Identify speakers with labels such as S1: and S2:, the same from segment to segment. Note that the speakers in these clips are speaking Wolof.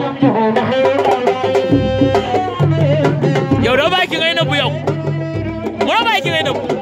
S1: yau da bakin ainihin yau wani bakin ainihin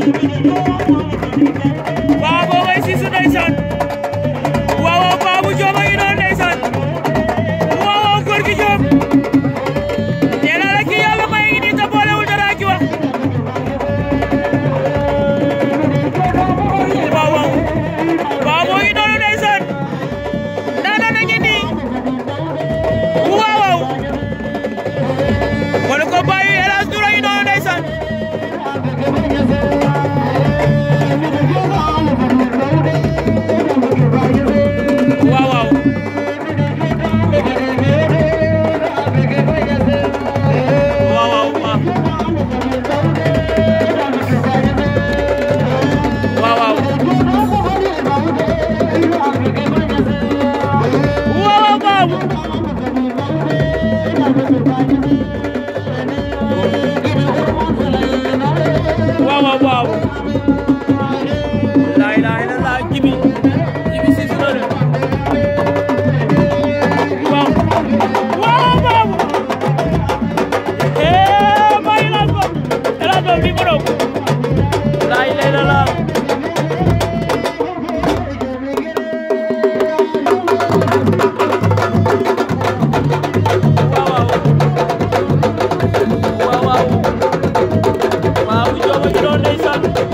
S1: Thank you. ndeysaan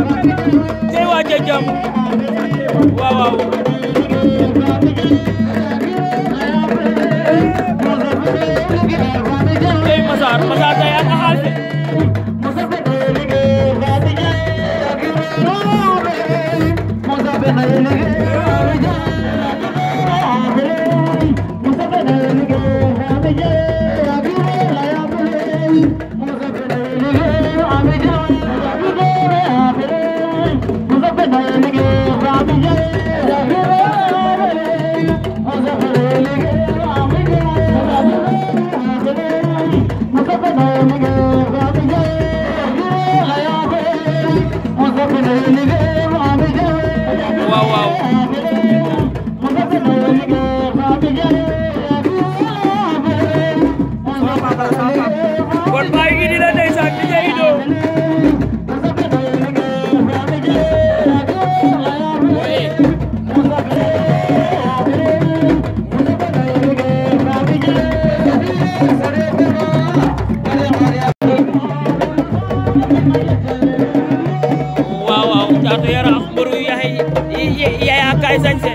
S1: tey waa jajam waaw waaw tey Massar Massar tey ak Axal de Yaya Kaay Sañse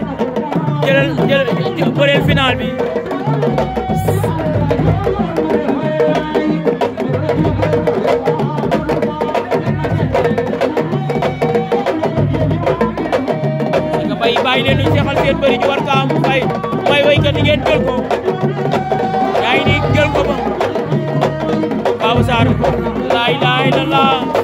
S1: jëlal jël bëreel final bi bay bàyyi leen ñu seexal seen bëri ñu war ka am bay bay waykat yi ngeen jël ko yaa ngi nii jël ko ba Babou Sarr laay laay la laa